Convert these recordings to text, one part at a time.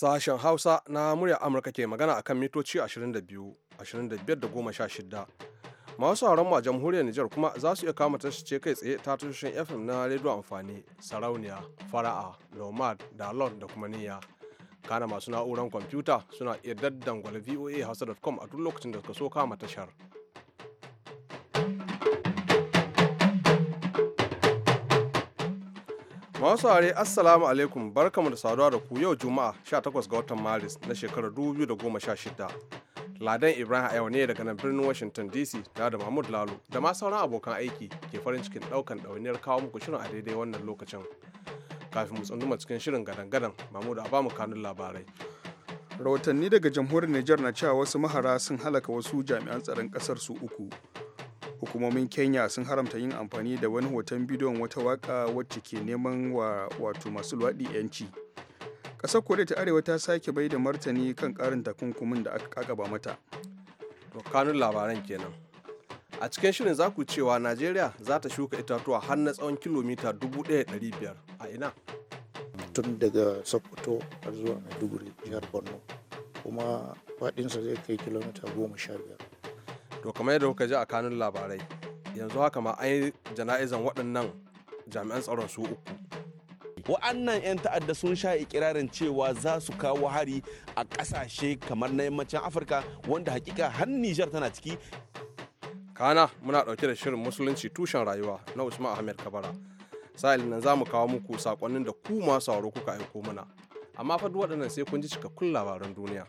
Sashen Hausa na murya Amurka ke magana akan mitoci 22, 25 da 16. Masu sauran mu a jamhuriyar Nijar kuma za su iya kama ce kai tsaye ta tushen FM na rediyo amfani, sarauniya, fara'a, nomad, lord da kuma niyya. Kana masu na'uran kwamfuta suna iya daddangwale voa hausa.com a duk lokacin da suka so kama tashar. Masu are Assalamu alaikum barkamu da saduwa da ku yau Juma'a 18 ga watan Maris na shekarar 2016. Ladan Ibrahim yau ne daga nan birnin Washington DC tare da Mahmud Lalo da ma sauran abokan aiki ke farin cikin daukan ɗawainiyar kawo muku shirin a daidai wannan lokacin. Kafin mu tsunduma cikin shirin gadan-gadan Mahmud a bamu kanun labarai. Rahotanni daga jamhuriyar Nijar na cewa wasu mahara sun halaka wasu jami'an tsaron kasar su uku. hukumomin kenya sun haramta yin amfani da wani hoton bidiyon wata waka wacce ke neman wa wato masu luwaɗi 'yanci ƙasar koriya ta arewa ta sake bai da martani kan ƙarin takunkumin da aka kakaba mata kanun labaran kenan a cikin shirin za ku cewa najeriya za ta shuka itatuwa har na tsawon kilomita 1,500 a ina tun daga sokoto har zuwa maiduguri jihar borno kuma faɗinsa zai kai kilomita goma sha biyar to kamar yadda kuka ji a kanun labarai yanzu haka ma an yi jana'izan waɗannan jami'an tsaron su uku wa'annan 'yan ta'adda sun sha ikirarin cewa za su kawo hari a ƙasashe kamar na yammacin afirka wanda hakika har nijar tana ciki kana muna ɗauke da shirin musulunci tushen rayuwa na usman ahmed kabara sa'il nan za mu kawo muku sakonnin da ku masu kuka aiko mana amma fa waɗannan sai kun ji cikakkun labaran duniya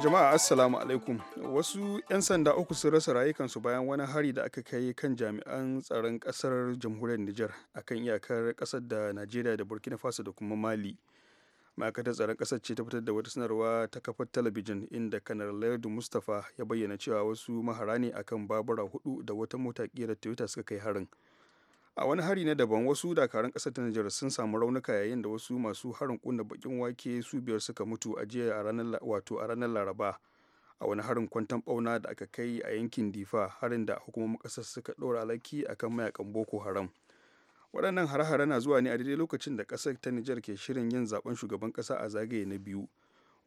jama'a assalamu alaikum wasu 'yan sanda uku sun rasa rayukansu bayan wani hari da aka kai kan jami'an tsaron kasar jamhuriyar nijar akan iyakar kasar da najeriya da burkina faso da kuma mali ma'aikatar tsaron kasar ce ta fitar da wata sanarwa ta kafar talabijin inda kanar lardu mustapha ya bayyana cewa wasu mahara ne akan babura hudu da wata mota kera toyota suka kai harin a wani hari na daban wasu dakarun ƙasar ta Nijar sun samu raunuka yayin da wasu masu harin kunna bakin wake su biyar suka mutu a jiya a wato a ranar Laraba a wani harin kwantan bauna da aka kai a yankin Difa harin da hukumomin ƙasar suka ɗora alaki akan mayakan Boko Haram waɗannan hare-hare na zuwa ne a daidai lokacin da ƙasar ta Nijar ke shirin yin zaben shugaban ƙasa a zagaye na biyu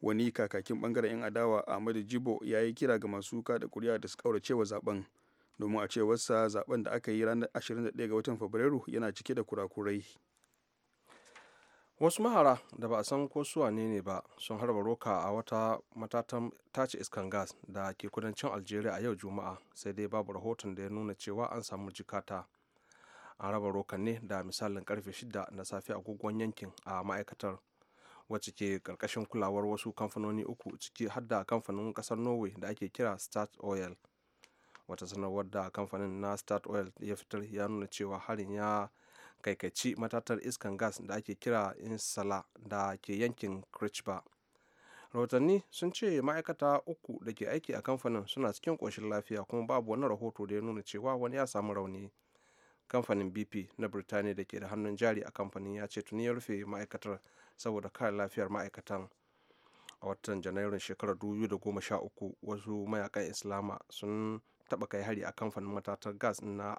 wani kakakin bangaren 'yan adawa Ahmadu Jibo ya yi kira ga masu kada kuri'a da su ƙauracewa zaben domin a cewarsa zaben da aka yi ranar 21 ga watan fabrairu yana cike da kurakurai wasu mahara da ba a san ko suwa ne ne ba sun harba roka a wata matatan tace iskan gas da ke kudancin algeria a yau juma'a sai dai babu rahoton da ya nuna cewa an samu jikata an raba rokan ne da misalin karfe 6 na safe agogon yankin a ma'aikatar wacce ke karkashin kulawar wasu kamfanoni uku ciki har da kamfanin kasar norway da ake kira start oil wata sanarwar da kamfanin na start oil ya fitar ya nuna cewa harin ya kaikaci matatar iskan gas da ake kira insala da ke yankin kirchba rahotanni sun ce ma'aikata uku da ke aiki a kamfanin suna cikin ƙoshin lafiya kuma babu wani rahoto da ya nuna cewa wani ya samu rauni kamfanin bp na birtaniya da ke da hannun jari a kamfanin ya ce tuni ya rufe ma'aikatar saboda kare lafiyar ma'aikatan a watan janairun shekarar 2013 wasu mayakan islama sun taba kai hari a kamfanin matatar gas na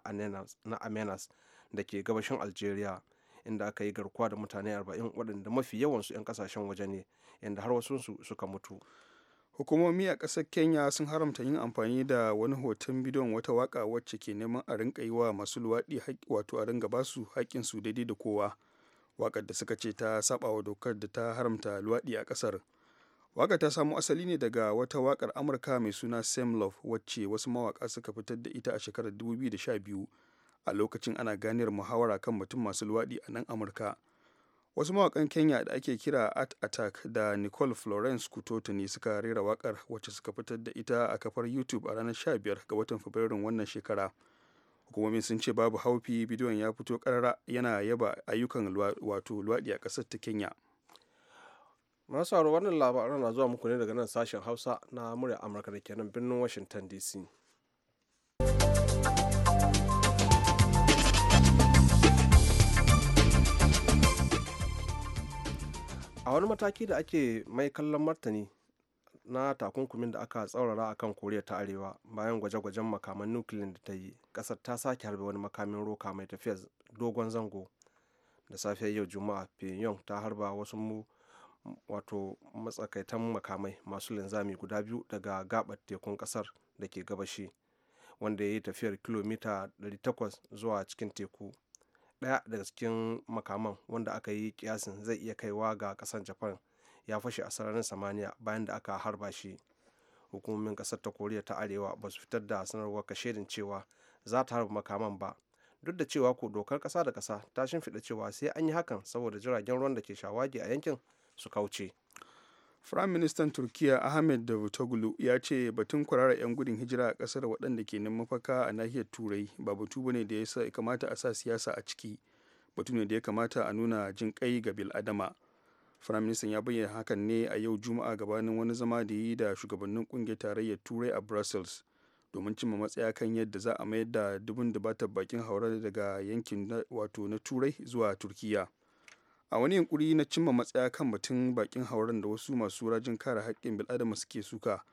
amenas da ke gabashin algeria inda aka yi garkuwa da mutane 40 waɗanda mafi yawansu 'yan kasashen waje ne inda har su suka mutu hukumomi a ƙasar kenya sun haramta yin amfani da wani hoton bidiyon wata waka wacce ke neman a rinka yi wa masu luwaɗi wato a ringa basu su daidai da kowa wakar da suka ce ta wa dokar da ta haramta luwaɗi a ƙasar Waka ta samo asali ne daga wata wakar Amurka mai suna Sam Love wacce wasu mawaka suka fitar da ita a shekarar 2012 a lokacin ana ganiyar muhawara kan mutum masu luwaɗi a nan Amurka. Wasu mawakan Kenya da ake kira Art Attack da Nicole Florence Kutoto ne suka rera wakar wacce suka fitar da ita a kafar YouTube a ranar 15 ga watan Fabrairun wannan shekara. hukumomin sun ce babu haufi bidiyon ya fito karara yana yaba ayyukan wato luwaɗi a ƙasar ta Kenya. masu sauraro wannan labaran na zuwa muku ne daga nan sashen hausa na murya amurka da kenan birnin washington dc a wani mataki da ake mai kallon martani na takunkumin da aka tsaurara a kan koriya ta arewa bayan gwaje-gwajen makaman nukiliyar da ta yi kasar ta sake harbe wani makamin roka mai tafiya dogon zango da safiyar yau juma'a pyongyang ta harba wasu wato matsakaitan makamai masu linzami guda biyu daga gabar tekun kasar da ke gabashi wanda ya yi tafiyar kilomita 800 zuwa cikin teku ɗaya daga cikin makaman wanda aka yi kiyasin zai iya kaiwa ga ƙasar japan ya fashe a sararin samaniya bayan da aka harba shi hukumomin ƙasar ta koriya ta arewa ba su fitar da sanarwar kashedin cewa za ta harba makaman ba duk da cewa ko dokar ƙasa da ƙasa ta shimfiɗa cewa sai an yi hakan saboda jiragen ruwan da ke shawagi a yankin su kauce firayim ministan turkiya ahmed davutoglu ya ce batun kwararar 'yan gudun hijira a ƙasar waɗanda ke neman mafaka a nahiyar turai ba batu bane da ya kamata a sa siyasa a ciki batu ne da ya kamata a nuna jin kai ga biladama firaministan ya bayyana hakan ne a yau juma'a gabanin wani zama da yi da shugabannin ƙungiyar tarayyar turai a brussels domin cimma matsaya kan yadda za a mayar da dubun dubatar bakin haura daga yankin wato na turai zuwa Turkiyya. a wani yunkuri na cimma matsaya kan batun bakin hauren da wasu masu rajin kare haƙƙin bil'adama suke suka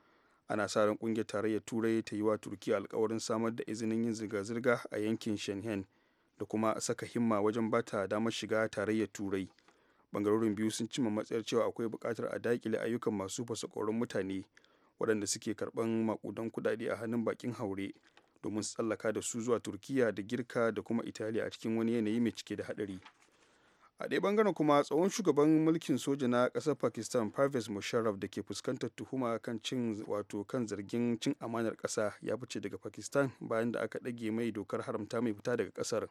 ana sa ran kungiyar tarayyar turai ta yi wa turkiya alkawarin samar da izinin yin zirga-zirga a yankin shenhen da kuma saka himma wajen bata damar shiga tarayyar turai bangarorin biyu sun cimma matsayar cewa akwai buƙatar a daƙile ayyukan masu fasakorin mutane waɗanda suke karɓan maƙudan kuɗaɗe a hannun bakin haure domin su tsallaka da su zuwa turkiya da girka da kuma italiya a cikin wani yanayi mai cike da haɗari a ɗaya bangaren kuma tsohon shugaban mulkin soja na ƙasar pakistan pervez musharraf da ke fuskantar tuhuma kan cin wato kan zargin cin amanar ƙasa ya fice daga pakistan bayan da aka ɗage mai dokar haramta mai fita daga ƙasar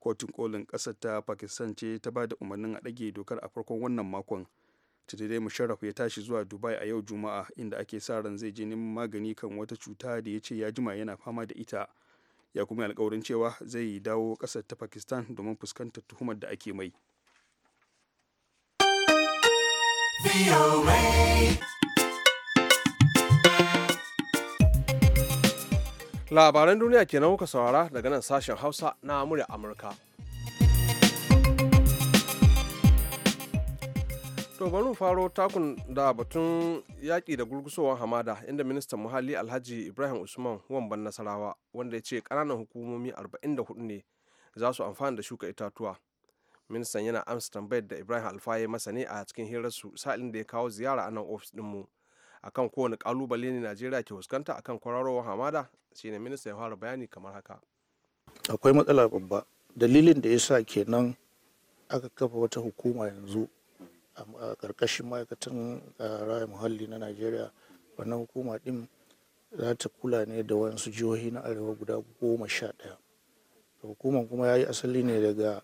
kotun kolin ƙasar ta pakistan ce ta ba da umarnin a ɗage dokar a farkon wannan makon dai musharraf ya tashi zuwa dubai a yau juma'a inda ake sa ran zai je neman magani kan wata cuta da ya ce ya jima yana fama da ita ya kuma alkawarin cewa zai dawo ƙasar ta pakistan domin fuskantar tuhumar da ake mai labaran duniya kenan kuka saurara daga nan sashen hausa na murya amurka to bari faro takun da batun yaƙi da gurgusowar hamada inda ministan muhalli alhaji ibrahim usman wamban nasarawa wanda ya ce ƙananan hukumomi 44 ne za su amfana da shuka itatuwa ministan yana amsa tambayar da ibrahim alfaye masa a cikin hirarsu sa'ilin da ya kawo ziyara a nan ofis a akan kowane kalubale ne najeriya ke fuskanta akan kwararowar hamada shine minista ya fara bayani kamar haka akwai matsala babba dalilin da ya sa kenan aka kafa wata hukuma yanzu a ƙarƙashin ma'aikatan raya muhalli na najeriya wannan hukuma ɗin za ta kula ne da wasu jihohi na arewa guda goma sha ɗaya hukuman kuma ya yi asali ne daga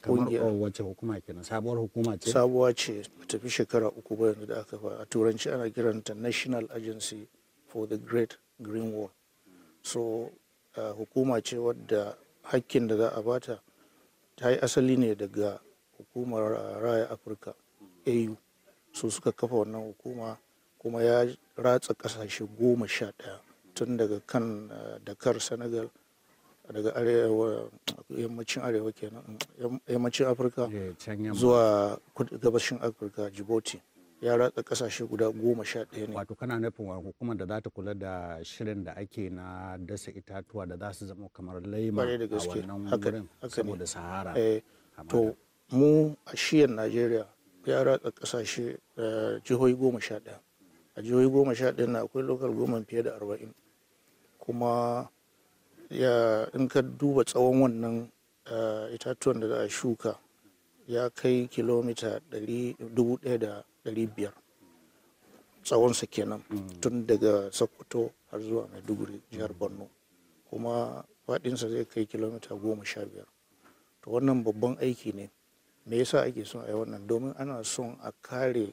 kamar oh, wacce hukuma kenan sabuwar hukuma ce sabuwa ce tafi shekara uku ba yanzu da aka fara a turanci ana kiranta national agency for the great green wall so hukuma ce wadda hakkin da za a bata ta yi asali ne daga hukumar raya afirka au su suka kafa wannan hukuma kuma ya ratsa kasashe goma sha ɗaya tun daga kan eh, dakar senegal daga yammacin arewa kenan yammacin afirka eh, zuwa gabashin afirka djibouti ya ratsa kasashe guda goma sha ɗaya ne wato kana nufin wa hukumar da za ta kula da shirin da ake na dasa itatuwa da za su zama kamar laima a wannan wurin saboda sahara eh, to mu a shiyan najeriya ya ratsa kasashe eh, jihohi goma sha ɗaya a jihohi goma sha ɗaya na akwai lokal goma fiye da arba'in kuma ya in ka duba tsawon wannan eh, itatuwan da za a shuka ya kai kilomita da biyar tsawonsa kenan mm. tun daga sokoto har zuwa maiduguri jihar borno kuma faɗinsa zai kai kilomita goma sha biyar to wannan babban aiki ne me yasa ake son a yi wannan domin ana son a kare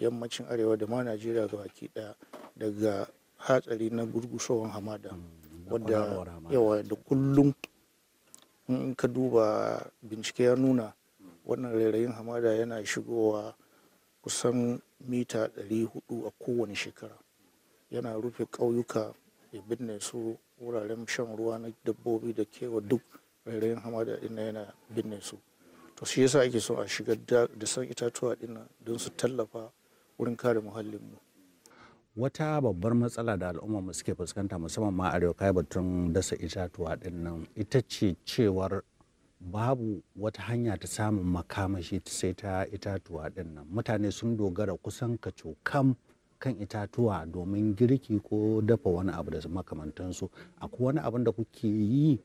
yammacin arewa da ma najeriya ga baki daya daga hatsari na gurgushowar hamada mm, wadda yawa da kullum in ka duba bincike ya nuna wannan rairayin hamada yana shigowa kusan mita 400 a kowane shekara yana rufe ƙauyuka ya binne su wuraren shan ruwa na dabbobi da kewa duk rairayin hamada ina yana binne su to shi yasa ake so a shigar da san itatuwa dinnan don su tallafa wurin kare muhallin mu. wata babbar matsala da al'ummar suke fuskanta musamman ma arewa kai batun dasa itatuwa dinnan ita ce cewar babu wata hanya ta samun makamashi sai ta itatuwa dinnan mutane sun dogara kusan cokam kan itatuwa domin girki ko dafa wani abu da makamantansu akwai wani abin da kuke yi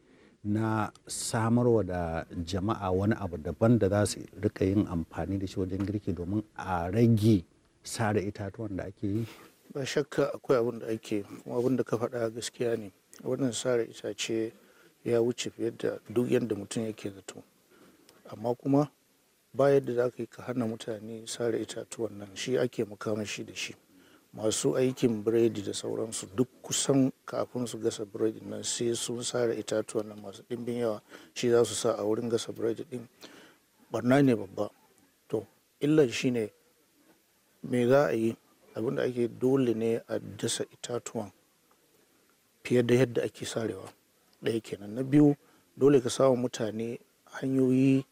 na samarwa da jama'a wani abu daban da za su rika yin amfani da shi wajen girki domin a rage sare itatuwan da ake yi ba shakka akwai abin da ake kuma abin da ka faɗa gaskiya ne wannan sare itace ya wuce fiye da duk yadda mutum yake zato amma kuma ba yadda za ka yi ka hana mutane sare itatuwan nan shi ake makamashi da shi masu aikin biredi da sauransu duk kusan kafin su gasa biredi nan sai sun sare itatuwan nan masu ɗimbin yawa shi za su sa a wurin gasa biredi ɗin barna ne babba to illar shi ne me za a yi abinda ake dole ne a dasa itatuwan fiye da yadda ake sarewa ɗaya kenan na biyu dole ka samu mutane hanyoyi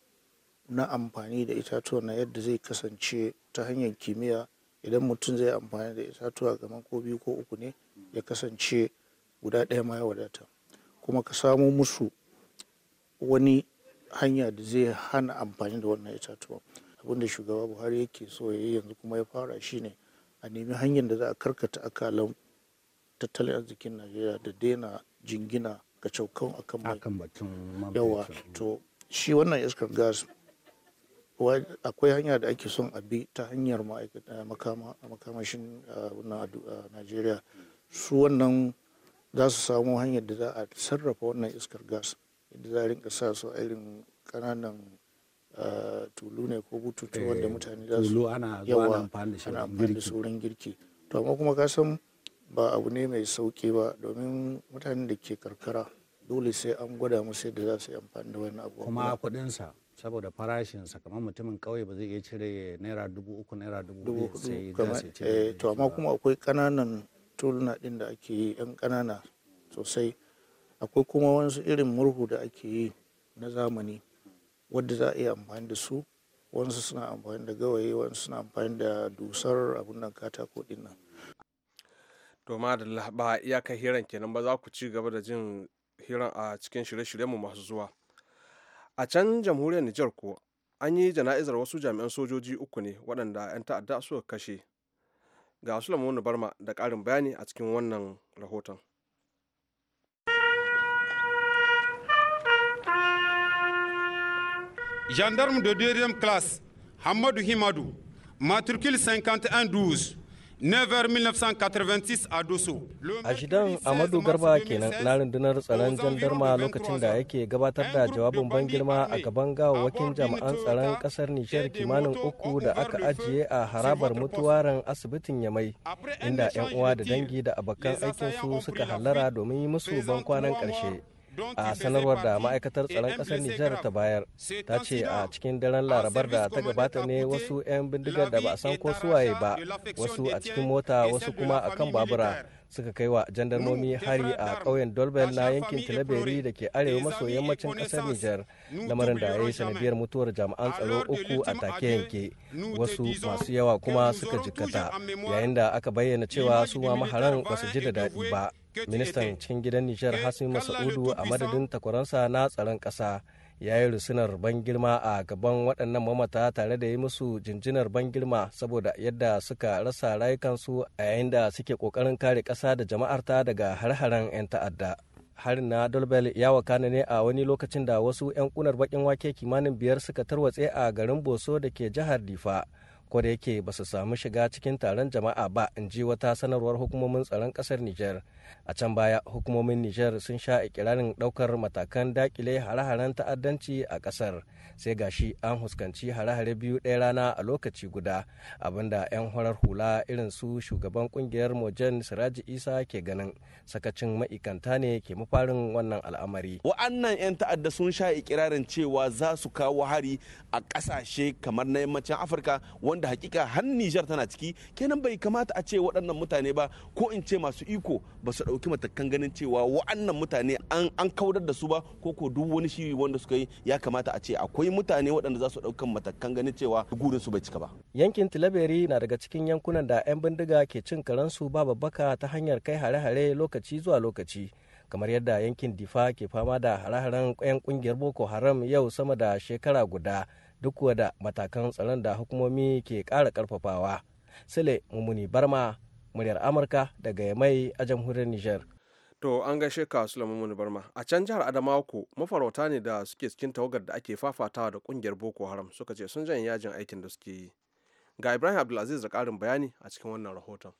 na amfani da itatuwa na yadda zai kasance ta hanyar kimiyya idan mutum zai amfani da itatuwa kamar ko biyu ko uku ne ya kasance guda ɗaya ma ya wadata kuma ka samo musu wani hanya da zai hana amfani da wannan itatuwa abin da shugaba buhari yake so ya yi yanzu kuma ya fara shi ne a nemi hanyar da za a karkata akalan tattalin arzikin najeriya da daina jingina ga caukan akan mai yawa to shi wannan iskar gas akwai hanya da ake son a bi ta hanyar makamashin ah, wannan a ah, najeriya su wannan za su samu hanyar da za a sarrafa wannan iskar gas yadda za a rinka sa su a irin kananan ah, tulu ne ko bututu eh, wanda mutane za su yawa ana amfani da sauran girki to amma kuma ka san ba abu ne mai sauki ba domin mutanen da ke karkara dole sai an gwada musu yadda za su yi amfani da wani abu kuma kuɗinsa saboda farashinsa kamar mutumin kauye ba zai iya cire naira dubu uku naira dubu sai eh, to amma kuma akwai kananan tuluna din da ake yi yan kanana sosai akwai kuma wasu irin murhu da ake yi na zamani wadda za a iya amfani da su wasu suna amfani da gawayi wasu suna amfani da dusar abun nan katako din nan to madalla ba iyaka hiran kenan ba za ku ci gaba da jin hiran a cikin shirye-shiryenmu masu zuwa a can jamhuriyar nijar kuwa an yi jana'izar wasu jami'an sojoji uku ne waɗanda 'yan ta'adda suka kashe ga sulaiman barma da ƙarin bayani a cikin wannan rahoton gendarme de deuxième classe hamadou himadu matricule 5112 1986 a Doso. A shidan Amadu Garba kenan na rundunar tsaron jandarma lokacin da yake gabatar da jawabin ban girma a gaban gawawwakin jami'an tsaron kasar Nijar kimanin uku da aka ajiye a harabar mutuwaran asibitin Yamai inda 'yan uwa da dangi da abokan aikinsu suka hallara domin yi musu ban kwanan ƙarshe. a sanarwar da ma'aikatar tsaron kasar eh, nijar ta bayar ta ce a cikin daren larabar da ta gabata ne wasu 'yan bindigar da ba a san ko suwaye ba wasu a cikin mota wasu kuma a kan babura suka kai wa jandarmomi hari a ƙauyen dolbel na yankin tilaberi da ke arewa maso yammacin ƙasar nijar lamarin da ya yi sanadiyar mutuwar jami'an tsaro uku a take yanke wasu masu yawa kuma suka jikkata yayin da aka bayyana cewa su ma maharan basu ji da daɗi ba ministan cikin gidan nijar hasmi masaudu a madadin takwaransa na tsaron ƙasa ya yi rusunar ban girma a gaban waɗannan mamata tare da yi musu jinjinar ban girma saboda yadda suka rasa rayukansu a yayin da suke ƙoƙarin kare ƙasa da jama'arta daga har-haren 'yan ta'adda harin na dolbel ya wakana ne a wani lokacin da wasu 'yan kunar bakin wake kimanin biyar suka tarwatse a garin boso da ke jihar difa ko yake ba su samu shiga cikin taron jama'a ba in ji wata sanarwar hukumomin tsaron kasar Nijar. A can baya hukumomin Nijar sun sha ikirarin daukar matakan dakile hare-haren ta'addanci a kasar sai gashi an huskanci hare-hare biyu ɗaya rana a lokaci guda abinda 'yan horar hula irin su shugaban kungiyar Mojen Siraji Isa ke ganin sakacin ma'ikanta ne ke mafarin wannan al'amari. Wa'annan 'yan ta'adda sun sha ikirarin cewa za su kawo hari a ƙasashe kamar na yammacin Afirka wanda hakika har Nijar tana ciki kenan bai kamata a ce waɗannan mutane ba ko in ce masu iko ba su ɗauki matakan ganin cewa waɗannan mutane an kaudar da su ba ko ko duk wani shiri wanda suka yi ya kamata a ce akwai mutane waɗanda za su ɗaukan matakan ganin cewa gurin su bai cika ba. Yankin Tilaberi na daga cikin yankunan da 'yan bindiga ke cin karansu ba babbaka ta hanyar kai hare-hare lokaci zuwa lokaci. kamar yadda yankin difa ke fama da hare-haren 'yan kungiyar boko haram yau sama da shekara guda duk da matakan tsaron da hukumomi ke kara karfafawa sile Mumuni Barma, muryar Amurka daga Yamai a jamhuriyar Nijar. To an gaishe ka Sule Mumuni Barma. A can jihar Adamawa ko mafarauta ne da suke cikin tawagar da ake fafatawa da kungiyar Boko Haram suka ce sun janye yajin aikin da suke yi. Ga Ibrahim Abdulaziz da ƙarin bayani a cikin wannan rahoton.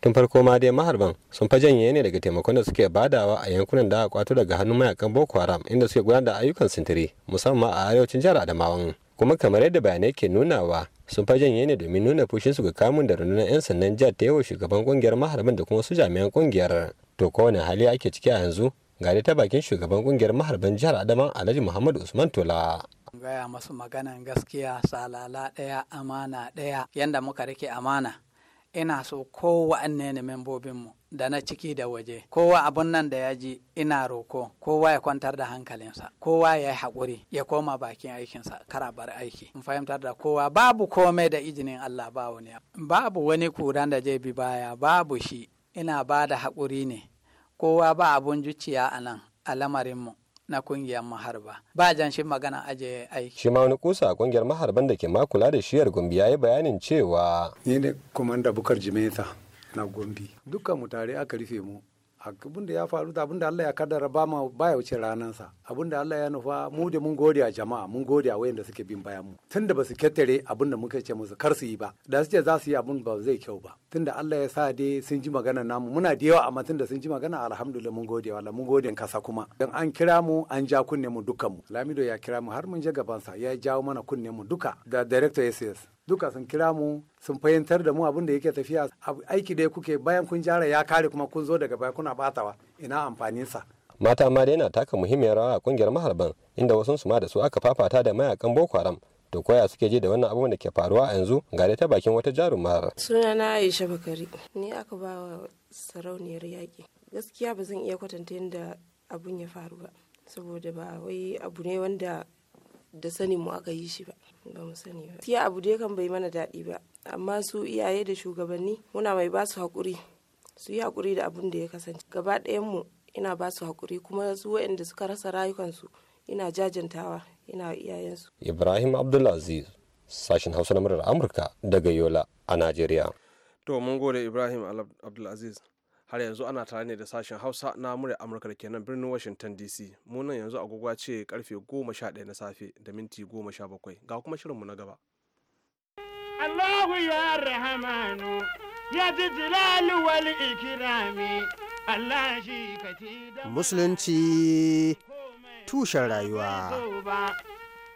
tun farko ma dai maharban sun fa janye ne daga taimakon da suke badawa a yankunan da aka kwato daga hannun mayakan boko haram inda suke gudanar da ayyukan sintiri musamman a arewacin jihar adamawa kuma kamar yadda bayanai ke nunawa sun fa janye ne domin nuna fushinsu ga kamun da rundunar 'yan sannan jihar ta yawo shugaban kungiyar maharban da kuma su jami'an kungiyar to kowane hali ake ciki a yanzu ga ta bakin shugaban kungiyar maharban jihar adama alhaji muhammadu usman tola gaya masu maganan gaskiya salala daya amana daya yanda muka rike amana ina so an ne membobinmu da na ciki da waje kowa abun nan da ya ji ina roko kowa ya kwantar da hankalinsa kowa ya yi haƙuri ya koma bakin aikinsa kara bar aiki in fahimtar da kowa babu komai da izinin Allah ba wani babu wani kuran da zai bi baya babu shi ina ba da haƙuri ne kowa ba abun zuciya a nan a lamarinmu na kungiyar maharba ba jan shi magana aje aiki shi ma wani kusa kungiyar maharban da ke makula da shiyar gombe ya yi bayanin cewa ni ne komanda bukar jimeta na gombe dukkan mu aka rufe mu abin da ya faru da abin da Allah ya kaddara ba ma baya wuce ranansa abin da Allah ya nufa mu da mun gode a jama'a mun gode a wayanda suke bin bayan mu tunda ba su kettare abin da muka ce musu kar su yi ba da su ce za su yi abin ba zai kyau ba tunda Allah ya sa dai sun ji magana namu muna da yawa amma tunda sun ji magana alhamdulillah mun gode wa mun gode kasa kuma dan an kira mu an ja kunne mu dukkan mu Lamido ya kira mu har mun je gaban sa ya jawo mana kunne mu duka da director SS duka sun kira mu sun fahimtar da mu abin da yake tafiya aiki da kuke bayan kun jara ya kare kuma kun zo daga baya kuna batawa ina amfanin sa. mata ma da yana taka muhimmiyar rawa a kungiyar maharban inda wasu su ma da su aka fafata da mayakan boko haram to koya suke ji da wannan abubuwan da ke faruwa a yanzu ga ta bakin wata jarumar sunana aisha bakari ni aka ba wa sarauniyar yaƙi gaskiya ba zan iya kwatanta yadda abun ya faru ba saboda ba wai abu ne wanda da sanin mu aka yi shi ba ba sani ba tiya abu dai kan bai mana daɗi ba amma su iyaye da shugabanni muna mai ba su haƙuri su yi haƙuri da abun da ya kasance gaba mu ina ba su haƙuri kuma su waɗanda suka rasa rayukansu ina jajantawa ina iyayensu ibrahim abdulaziz sashen hausa na murar amurka daga yola a najeriya to mun gode ibrahim abdulaziz har yanzu ana tare ne da sashen hausa na mura amurka da ke nan birnin washington dc munan yanzu agogo ce karfe 11 na safe da minti 17 ga kuma shirinmu na gaba musulunci tushen rayuwa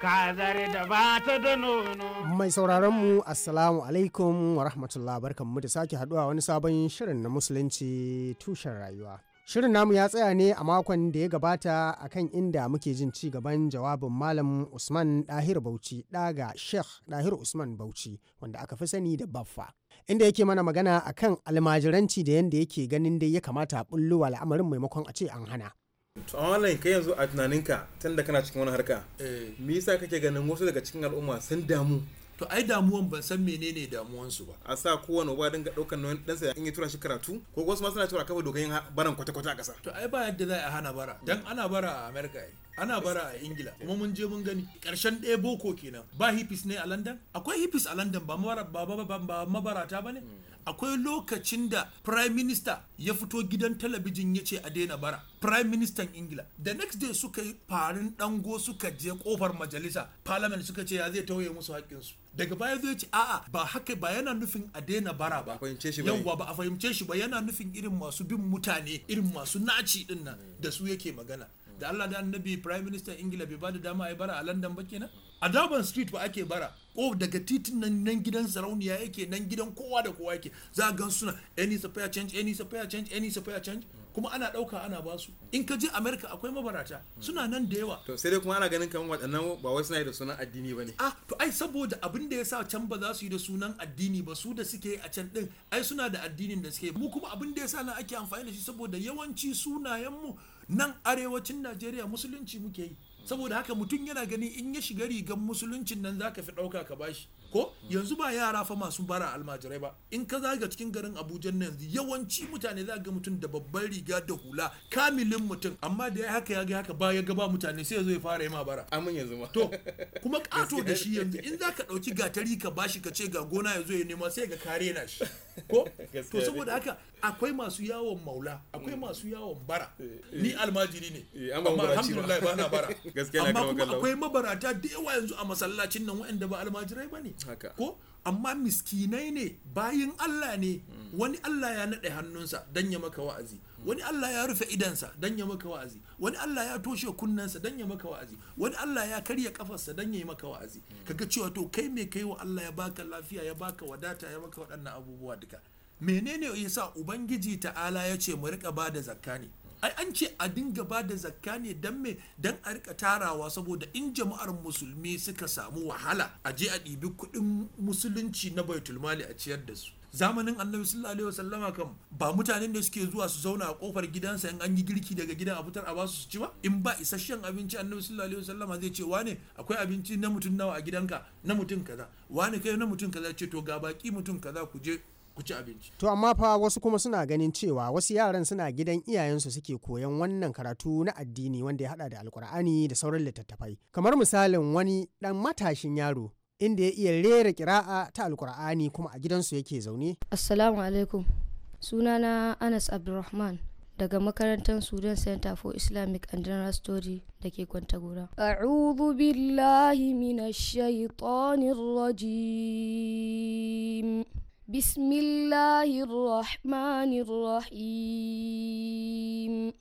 kazare da ba da nono. Mai sauraron mu Assalamu alaikum wa rahmatullah barkanmu da sake haduwa wani sabon shirin na musulunci tushen rayuwa. Shirin namu ya tsaya ne a makon da ya gabata a kan inda muke jin ci gaban jawabin Malam Usman Dahir Bauchi daga Sheikh Dahir Usman Bauchi wanda aka fi sani da Baffa. Inda yake mana magana a kan almajiranci da yadda yake ganin dai ya kamata a bullowa al'amarin maimakon a ce an hana. wannan kai yanzu a tunaninka tun da kana cikin wani harka eh. me yasa kake ganin wasu daga cikin al'umma sun damu to ai damuwan ban san menene damuwansu ba a sa kowane uba dinga daukan nauyin ɗansa in ya tura shi karatu ko wasu ma suna cewa kafa dogayen baran kwata-kwata a ƙasa to ai ba yadda za a hana bara dan ana bara a america ana bara a ingila kuma mun je mun gani karshen ɗaya boko kenan ba hippies ne a london akwai hippies a london ba mabarata ba ne hmm. akwai lokacin da prime minister ya fito gidan talabijin ya ce a daina bara prime minister ingila the next day suka yi farin dango suka je kofar majalisa parliament suka ce ya zai tauye musu haƙƙinsu daga baya zai ce a'a ba haka ba yana nufin a daina bara ba yawwa ba a fahimce shi ba yana nufin irin masu bin mutane irin masu naci din da su yake magana da Allah da annabi prime minister ingila bai ba da dama a bara a london ba kenan a durban street ba ake bara ko daga titin nan gidan sarauniya yake nan gidan kowa da kowa yake za a ga suna any supply change any supply change any supply change kuma ana dauka ana basu in ka je america akwai mabarata suna nan da yawa to sai dai kuma ana ganin kamar waɗannan ba wasu yi da sunan addini bane ah to ai saboda abin da yasa can ba za su yi da sunan addini ba su da suke a can din ai suna da addinin da suke mu kuma abin da yasa nan ake amfani da shi saboda yawanci sunayen mu nan arewacin Najeriya musulunci muke yi saboda haka mutum yana gani in ya shiga rigar musuluncin nan zaka fi ɗauka ka bashi ko yanzu ba yara fa masu bara almajirai ba in ka zaga cikin garin abuja nan yanzu yawanci mutane za ga mutum da babban riga da hula kamilin mutum amma da ya haka ya ga haka ba ya gaba mutane sai yazo ya fara yi ma bara amin yanzu ma to kuma kato da shi yanzu in za ka ɗauki gatari ka bashi ka ce ga gona ya zo ya nema sai ga kare na shi ko to saboda haka akwai masu yawon maula akwai mm. masu yawon bara eh, ni eh. almajiri ne eh, amma alhamdulillah ba na bara amma kuma akwai mabarata da yawa yanzu a masallacin nan waɗanda ba almajirai ba ne ko amma miskinai ne bayin Allah ne mm. wani Allah ya naɗe hannunsa don ya maka wa'azi wani Allah ya rufe idansa dan ya maka wa'azi wani Allah ya toshe sa dan ya maka wa'azi wani Allah ya karya kafarsa dan ya yi maka wa'azi kaga cewa to kai me kai wa Allah ya baka lafiya ya baka wadata ya maka waɗannan abubuwa duka menene yasa ubangiji ta'ala ya ce mu rika bada zakkani? ai an ce a dinga bada da zakka ne dan me dan a rika tarawa saboda in jama'ar musulmi suka samu wahala a je a ɗibi kuɗin musulunci na baitulmali a ciyar da su zamanin annabi sallallahu alaihi wasallama kam ba mutanen da suke zuwa su zauna a kofar gidansa in an yi girki daga gidan a fitar a basu su ci ba in ba isasshen abinci annabi sallallahu alaihi wasallama zai ce wane akwai abinci na mutum nawa a gidanka na mutum kaza wane kai na mutum kaza ce to ga baki mutum kaza ku je ku ci abinci. To amma fa wasu kuma suna ganin cewa wasu yaran suna gidan iyayensu suke koyan wannan karatu na addini wanda ya hada da alkur'ani da sauran littattafai. Kamar misalin wani dan matashin yaro inda ya iya rera kira'a ta alkur'ani kuma a gidansu yake zaune assalamu alaikum sunana anas abdulrahman daga makarantar sudan center for islamic and general story da ke kwantagora a'udhu billahi minash shaitanir rajim bismillahir rahmanir rahim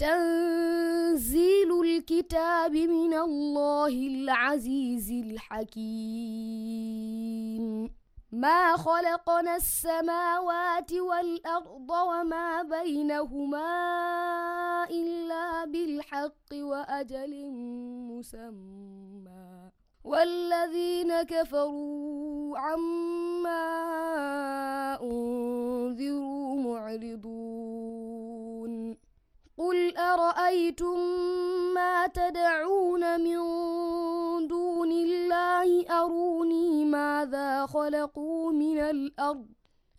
تنزيل الكتاب من الله العزيز الحكيم ما خلقنا السماوات والأرض وما بينهما إلا بالحق وأجل مسمى والذين كفروا عما أنذروا معرضون قل أرأيتم ما تدعون من دون الله أروني ماذا خلقوا من الأرض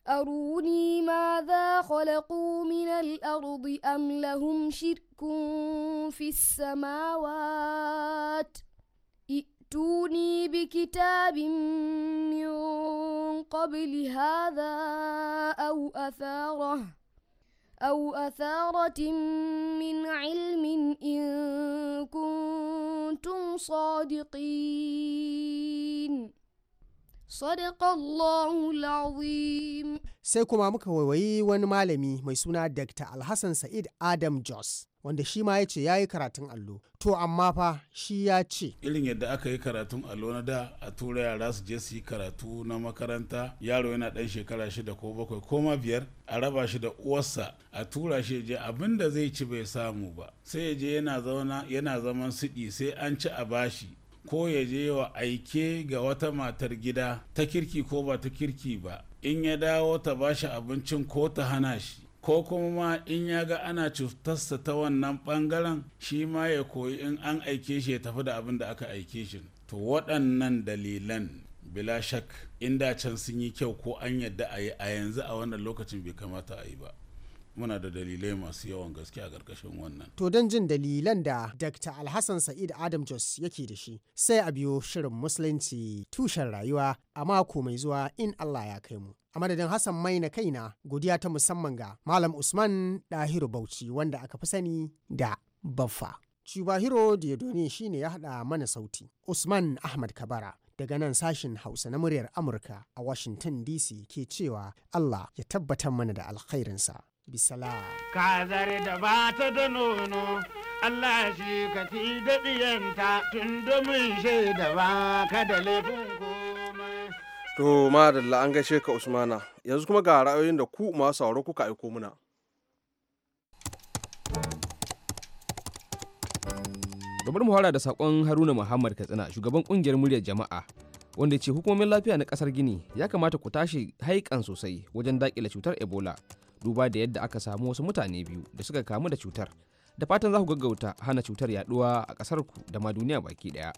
أروني ماذا خلقوا من الأرض أم لهم شرك في السماوات ائتوني بكتاب من قبل هذا أو أثاره أو أثارة من علم إن كنتم صادقين صدق الله العظيم sai kuma muka waiwayi wani malami mai suna Dr. Alhassan Sa'id Adam Jos wanda shi ma ya ce ya yi karatun allo to amma fa shi ya ce irin yadda aka yi karatun allo na da a tura yara su je su yi karatu na makaranta yaro yana dan shekara shida ko bakwai ko ma biyar a raba shi da uwarsa a tura shi je abin da zai ci bai samu ba sai ya je yana zauna yana zaman siɗi sai an ci a bashi ko ya je wa aike ga wata matar gida ta kirki ko ba ta kirki ba in ya dawo ta bashi abincin ko ta hana shi ko kuma ma in ya ga ana cutarsa ta wannan bangaren shi ma ya koyi in an aike shi ya tafi da abin da aka aike shi to waɗannan dalilan bila shak in da can sun yi kyau ko an yadda a yi a yanzu a wannan lokacin bai kamata a yi ba muna da dalilai masu yawan gaske a ƙarƙashin wannan. To don jin dalilan da Dr. Alhassan Sa'id Adam Jos yake da shi sai a biyo shirin Musulunci tushen rayuwa a mako mai zuwa in Allah ya kai mu. a madadin Hassan mai na kaina godiya ta musamman ga Malam Usman Dahiru Bauchi wanda aka fi sani da Baffa. Cibahiro Diodone shi ne ya haɗa mana sauti. Usman Ahmad Kabara daga nan sashin Hausa na muryar Amurka a Washington DC ke cewa Allah ya tabbatar mana da alkhairinsa. Bisala. Kazar da ba ta da nono, Allah shi ka fi da tun da mun shaida ba ka da laifin To madalla an gaishe ka Usmana yanzu kuma ga ra'ayoyin da ku masu sauro kuka aiko muna. Domin mu da sakon Haruna Muhammad Katsina shugaban kungiyar muryar jama'a wanda ce hukumomin lafiya na ƙasar Gini ya kamata ku tashi haikan sosai wajen dakile cutar Ebola duba da yadda aka samu wasu mutane biyu da suka kamu da cutar. Da fatan za ku gaggauta hana cutar yaɗuwa a kasar ku da ma duniya baki ɗaya.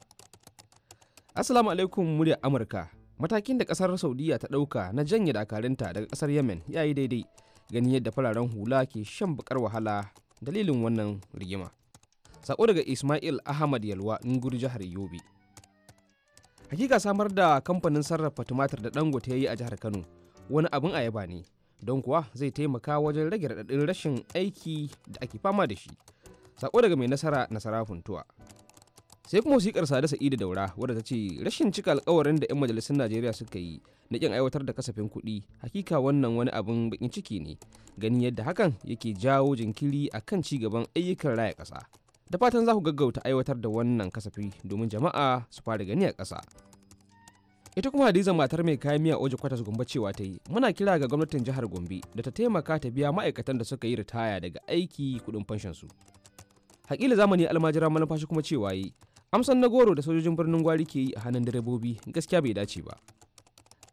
Assalamu alaikum muryar Amurka matakin da kasar saudiya ta ɗauka na janye dakarinta daga kasar yemen ya yi daidai gani yadda fararen hula ke shan bakar wahala dalilin wannan rigima sako daga ismail ahmad yalwa nguri jihar yobe hakika samar da kamfanin sarrafa tumatir da dangote ya yi a jihar kano wani abin a yaba ne don kuwa zai taimaka wajen rage raɗaɗin rashin aiki da ake fama da shi sako daga mai nasara nasara funtuwa sai kuma wasikar sada sa'idu daura wadda ta ce rashin cika alkawarin da 'yan majalisun najeriya suka yi na kin aiwatar da kasafin kuɗi hakika wannan wani abin bakin ciki ne gani yadda hakan yake jawo jinkiri a kan ci gaban ayyukan raya ƙasa da fatan za ku gaggauta aiwatar da wannan kasafi domin jama'a su fara gani a ƙasa ita kuma hadiza matar mai kayan miya oje kwatas gombe cewa ta yi muna kira ga gwamnatin jihar gombe da ta taimaka ta biya ma'aikatan da suka yi ritaya daga aiki kuɗin fanshansu hakila zamani almajira manufashi kuma cewa yi amsan na goro da sojojin birnin gwari ke yi a hannun direbobi gaskiya bai dace ba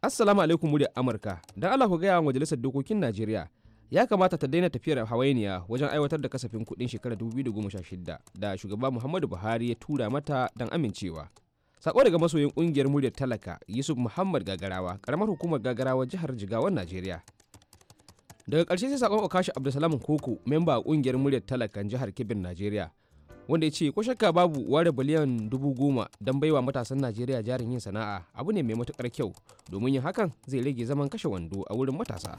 assalamu alaikum muryar amurka don allah ku gaya wa majalisar dokokin najeriya ya kamata ta daina tafiyar hawainiya wajen aiwatar da kasafin kuɗin shekarar 2016 da shugaba muhammadu buhari ya tura mata don amincewa sako daga masoyin kungiyar muryar talaka yusuf muhammad gagarawa karamar hukumar gagarawa jihar jigawan najeriya daga ƙarshe sai sakon okashi abdulsalam koko memba a ƙungiyar muryar talakan jihar kebin najeriya wanda ya ce ko shakka babu ware biliyan dubu goma don baiwa matasan najeriya jarin yin sana'a abu ne mai matukar kyau domin yin hakan zai rage zaman kashe wando a wurin matasa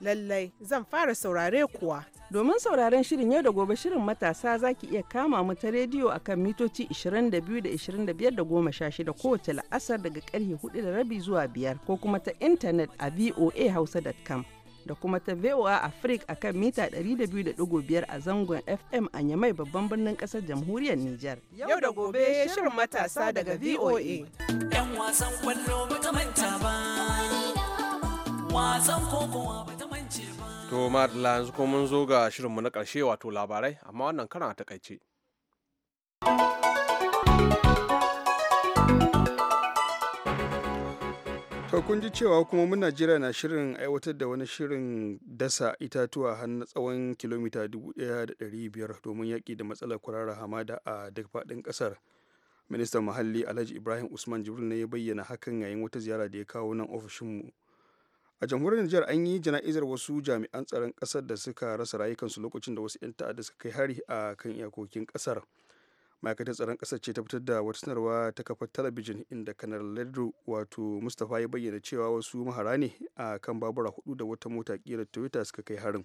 Lallai zan fara saurare kuwa. Domin sauraren shirin yau da gobe shirin matasa za ki iya kama mu ta rediyo a kan mitoci 22 da 25 da shida, kowace la'asar daga karhe 4 da rabi zuwa biyar ko kuma ta intanet a voahausa.com da kuma ta VOA Africa a kan mita 200.5 a zangon FM a Nyamai babban birnin kasar jamhuriyar Nijar. Yau da gobe shirin matasa daga VOA. 'Yan wasan kwallo manta ba, wasan kokowa ba. To madalla yanzu kuma mun zo ga shirinmu na ƙarshe wato labarai amma wannan karan a takaice. To kun ji cewa hukumomin Najeriya na shirin aiwatar da wani shirin dasa itatuwa har na tsawon kilomita 1,500 domin yaki da matsalar kwararra hamada a duk faɗin ƙasar. Ministan Muhalli Alhaji Ibrahim Usman Jibril ne ya bayyana hakan yayin wata ziyara da ya kawo nan ofishinmu. mu. a jamhuriyar Nijar an yi jana'izar wasu jami'an tsaron kasar da suka rasa rayukansu lokacin da wasu 'yan ta'adda suka kai hari a kan iyakokin ƙasar ma'aikatar tsaron ƙasar ce ta fitar da wata sanarwa ta kafar talabijin inda kanar ledro wato mustapha ya bayyana cewa wasu mahara ne a kan babura hudu da wata mota kira toyota suka kai harin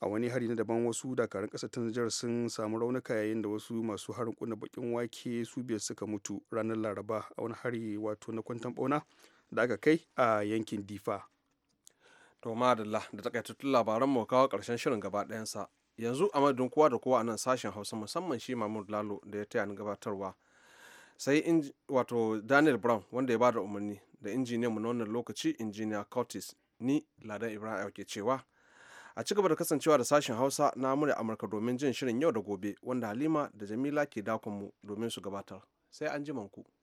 a wani hari na daban wasu dakarun kasar ta nijar sun samu raunuka yayin da wasu masu harin kuna bakin wake su biyar suka mutu ranar laraba a wani hari wato na kwantan bauna da aka kai a yankin difa to madalla da takaitattun labaran mu kawo karshen shirin gaba ɗayansa yanzu a madadin kowa da kowa a nan sashen hausa musamman shi mahmud lalo da ya taya ni gabatarwa sai wato daniel brown wanda ya ba da umarni da injiniyan mu na wannan lokaci injiniya curtis ni ladan ibrahim ke cewa a cigaba da kasancewa da sashen hausa na murya amurka domin jin shirin yau da gobe wanda halima da jamila ke dakon mu domin su gabatar sai an ji ku.